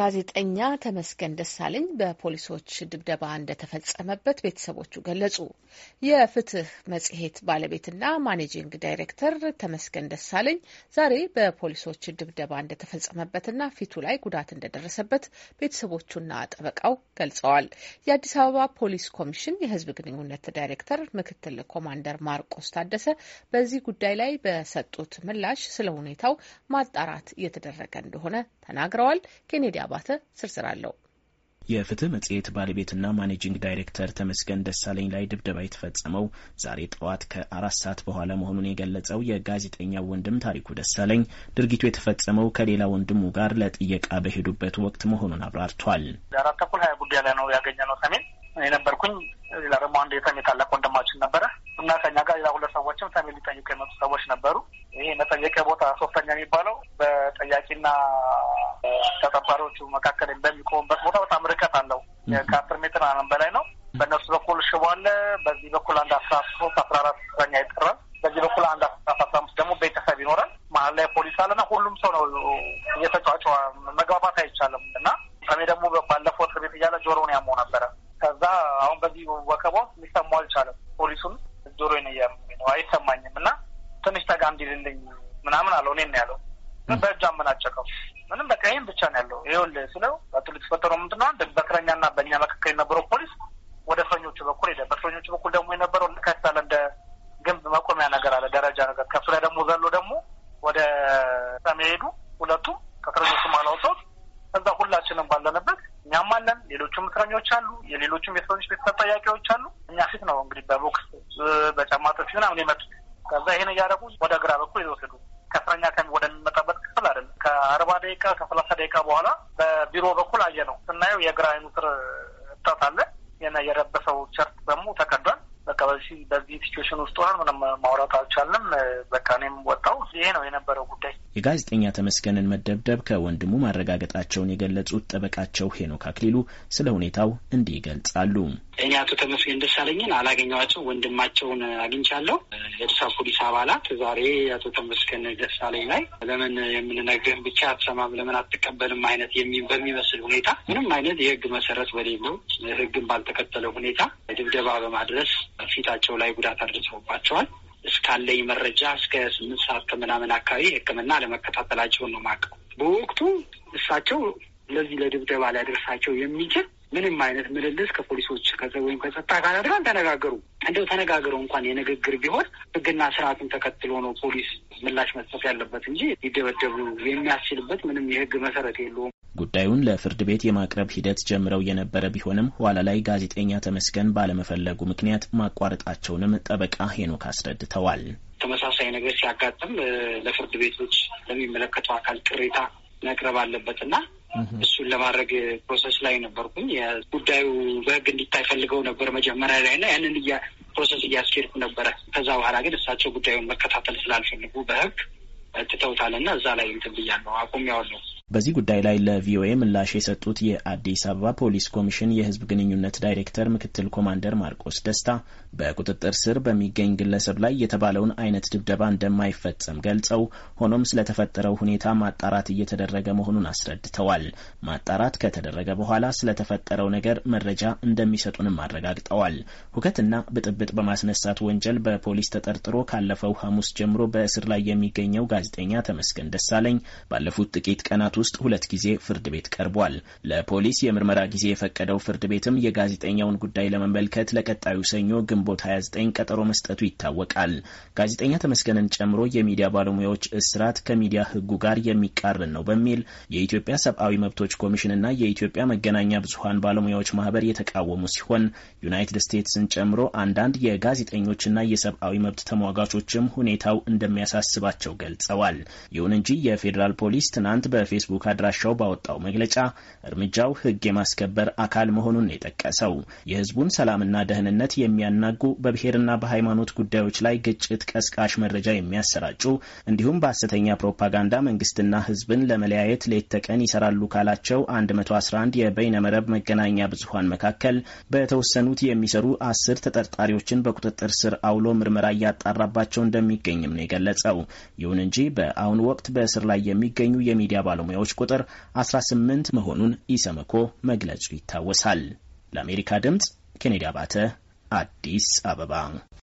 ጋዜጠኛ ተመስገን ደሳለኝ በፖሊሶች ድብደባ እንደተፈጸመበት ቤተሰቦቹ ገለጹ። የፍትህ መጽሔት ባለቤትና ማኔጂንግ ዳይሬክተር ተመስገን ደሳለኝ ዛሬ በፖሊሶች ድብደባ እንደተፈጸመበትና ፊቱ ላይ ጉዳት እንደደረሰበት ቤተሰቦቹና ጠበቃው ገልጸዋል። የአዲስ አበባ ፖሊስ ኮሚሽን የህዝብ ግንኙነት ዳይሬክተር ምክትል ኮማንደር ማርቆስ ታደሰ በዚህ ጉዳይ ላይ በሰጡት ምላሽ ስለ ሁኔታው ማጣራት እየተደረገ እንደሆነ ተናግረዋል። ኬኔዲያ አባተ ዝርዝር አለው። የፍትህ መጽሔት ባለቤትና ማኔጂንግ ዳይሬክተር ተመስገን ደሳለኝ ላይ ድብደባ የተፈጸመው ዛሬ ጠዋት ከአራት ሰዓት በኋላ መሆኑን የገለጸው የጋዜጠኛ ወንድም ታሪኩ ደሳለኝ ድርጊቱ የተፈጸመው ከሌላ ወንድሙ ጋር ለጥየቃ በሄዱበት ወቅት መሆኑን አብራርቷል። አራት ተኩል ሀያ ጉዳይ ላይ ነው ያገኘ ነው ሰሜን ነበርኩኝ። ሌላ ደግሞ አንድ የሰሜ ታላቅ ወንድማችን ነበረ እና ከኛ ጋር ሌላ ሁለት ሰዎችም ሰሜን ሊጠይቁ የመጡ ሰዎች ነበሩ። ይሄ መጠየቂያ ቦታ ሶስተኛ የሚባለው በጠያቂና ተጠባሪዎቹ መካከል በሚቆሙበት ቦታ በጣም ርቀት አለው። ከአስር ሜትር አለም በላይ ነው። በእነሱ በኩል ሽቦ አለ። በዚህ በኩል አንድ አስራ ሶስት አስራ አራት እስረኛ ይጠራል። በዚህ በኩል አንድ አስራ አስራ አምስት ደግሞ ቤተሰብ ይኖራል። መሀል ላይ ፖሊስ አለና ሁሉም ሰው ነው እየተጫጫ መግባባት አይቻልም። እና እኔ ደግሞ ባለፈው እስር ቤት እያለ ጆሮውን ያመው ነበረ። ከዛ አሁን በዚህ ወከባ ውስጥ ሊሰማው አልቻለም። ፖሊሱን ጆሮ እያመመኝ ነው አይሰማኝም እና ትንሽ ጠጋ እንዲልልኝ ምናምን አለው። እኔን ያለው በእጅ አመናጨቀው። ምንም በቃ ይህን ብቻ ነው ያለው። ይኸውልህ ስለው በጥሉ የተፈጠረው ምንድን ነው በእስረኛና በእኛ መካከል የነበረው ፖሊስ ወደ እስረኞቹ በኩል ሄደ። በእስረኞቹ በኩል ደግሞ የነበረው ከሳለ እንደ ግንብ መቆሚያ ነገር አለ ደረጃ ነገር ከሱ ላይ ደግሞ ዘሎ ደግሞ ወደ ሰሜን ሄዱ። ሁለቱም ከእስረኞቹ አላውሰውት እዛ ሁላችንም ባለንበት እኛም አለን፣ ሌሎቹም እስረኞች አሉ፣ የሌሎቹም የእስረኞች ቤተሰብ ጠያቂዎች አሉ። እኛ ፊት ነው እንግዲህ በቦክስ በጫማ ጥፊ ምናምን የመጡት ከዛ ይሄን እያደረጉ ወደ ግራ በኩል ይወስዱ ከእስረኛ ወደሚመጣበት ክፍል አይደለም። ከአርባ ደቂቃ ከሰላሳ ደቂቃ በኋላ በቢሮ በኩል አየ ነው ስናየው የግራ አይኑ ስር እብጠት አለ። የረበሰው ቸርት ደግሞ ተቀዷል። በቃ በዚህ በዚህ ሲቹዌሽን ውስጥ ሆነን ምንም ማውራት አልቻለም። በቃ እኔም ይሄ ነው የነበረው ጉዳይ። የጋዜጠኛ ተመስገንን መደብደብ ከወንድሙ ማረጋገጣቸውን የገለጹት ጠበቃቸው ሄኖክ አክሊሉ ስለ ሁኔታው እንዲህ ይገልጻሉ። እኛ አቶ ተመስገን ደሳለኝን አላገኘዋቸው፣ ወንድማቸውን አግኝቻለሁ። የአዲስ ፖሊስ አባላት ዛሬ አቶ ተመስገን ደሳለኝ ላይ ለምን የምንነግርህን ብቻ አትሰማም፣ ለምን አትቀበልም አይነት በሚመስል ሁኔታ ምንም አይነት የህግ መሰረት በሌለው ህግን ባልተከተለ ሁኔታ ድብደባ በማድረስ ፊታቸው ላይ ጉዳት አድርሰውባቸዋል። እስካለኝ መረጃ እስከ ስምንት ሰዓት ከምናምን አካባቢ ሕክምና ለመከታተላቸው ነው ማቀው። በወቅቱ እሳቸው ለዚህ ለድብደባ ሊያደርሳቸው የሚችል ምንም አይነት ምልልስ ከፖሊሶች ወይም ከጸጥታ አካላት ጋር ተነጋገሩ እንደው ተነጋግረው እንኳን የንግግር ቢሆን ህግና ስርዓቱን ተከትሎ ነው ፖሊስ ምላሽ መስጠት ያለበት እንጂ ሊደበደቡ የሚያስችልበት ምንም የህግ መሰረት የለውም። ጉዳዩን ለፍርድ ቤት የማቅረብ ሂደት ጀምረው የነበረ ቢሆንም ኋላ ላይ ጋዜጠኛ ተመስገን ባለመፈለጉ ምክንያት ማቋረጣቸውንም ጠበቃ ሄኖክ አስረድተዋል። ተመሳሳይ ነገር ሲያጋጥም ለፍርድ ቤቶች ለሚመለከተው አካል ቅሬታ መቅረብ አለበትና እሱን ለማድረግ ፕሮሰስ ላይ ነበርኩኝ። ጉዳዩ በህግ እንዲታይ ፈልገው ነበር መጀመሪያ ላይ እና ያንን እያ ፕሮሰስ እያስኬድኩ ነበረ። ከዛ በኋላ ግን እሳቸው ጉዳዩን መከታተል ስላልፈልጉ በህግ ትተውታል እና እዛ ላይ እንትን ብያለሁ አቁሜያለሁ። በዚህ ጉዳይ ላይ ለቪኦኤ ምላሽ የሰጡት የአዲስ አበባ ፖሊስ ኮሚሽን የህዝብ ግንኙነት ዳይሬክተር ምክትል ኮማንደር ማርቆስ ደስታ በቁጥጥር ስር በሚገኝ ግለሰብ ላይ የተባለውን አይነት ድብደባ እንደማይፈጸም ገልጸው ሆኖም ስለተፈጠረው ሁኔታ ማጣራት እየተደረገ መሆኑን አስረድተዋል። ማጣራት ከተደረገ በኋላ ስለተፈጠረው ነገር መረጃ እንደሚሰጡንም አረጋግጠዋል። ሁከትና ብጥብጥ በማስነሳት ወንጀል በፖሊስ ተጠርጥሮ ካለፈው ሐሙስ ጀምሮ በእስር ላይ የሚገኘው ጋዜጠኛ ተመስገን ደሳለኝ ባለፉት ጥቂት ቀናት ውስጥ ሁለት ጊዜ ፍርድ ቤት ቀርቧል። ለፖሊስ የምርመራ ጊዜ የፈቀደው ፍርድ ቤትም የጋዜጠኛውን ጉዳይ ለመመልከት ለቀጣዩ ሰኞ ግንቦት 29 ቀጠሮ መስጠቱ ይታወቃል። ጋዜጠኛ ተመስገንን ጨምሮ የሚዲያ ባለሙያዎች እስራት ከሚዲያ ሕጉ ጋር የሚቃረን ነው በሚል የኢትዮጵያ ሰብአዊ መብቶች ኮሚሽንና የኢትዮጵያ መገናኛ ብዙሀን ባለሙያዎች ማህበር የተቃወሙ ሲሆን ዩናይትድ ስቴትስን ጨምሮ አንዳንድ የጋዜጠኞችና የሰብአዊ መብት ተሟጋቾችም ሁኔታው እንደሚያሳስባቸው ገልጸዋል። ይሁን እንጂ የፌዴራል ፖሊስ ትናንት በፌስቡክ በፌስቡክ አድራሻው ባወጣው መግለጫ እርምጃው ሕግ የማስከበር አካል መሆኑን የጠቀሰው የሕዝቡን ሰላምና ደህንነት የሚያናጉ በብሔርና በሃይማኖት ጉዳዮች ላይ ግጭት ቀስቃሽ መረጃ የሚያሰራጩ እንዲሁም በሐሰተኛ ፕሮፓጋንዳ መንግስትና ሕዝብን ለመለያየት ሌት ተቀን ይሰራሉ ካላቸው 111 የበይነመረብ መገናኛ ብዙሀን መካከል በተወሰኑት የሚሰሩ አስር ተጠርጣሪዎችን በቁጥጥር ስር አውሎ ምርመራ እያጣራባቸው እንደሚገኝም ነው የገለጸው። ይሁን እንጂ በአሁኑ ወቅት በእስር ላይ የሚገኙ የሚዲያ ባለሙያ ሰራተኛዎች ቁጥር 18 መሆኑን ኢሰመኮ መግለጹ ይታወሳል። ለአሜሪካ ድምፅ ኬኔዲ አባተ አዲስ አበባ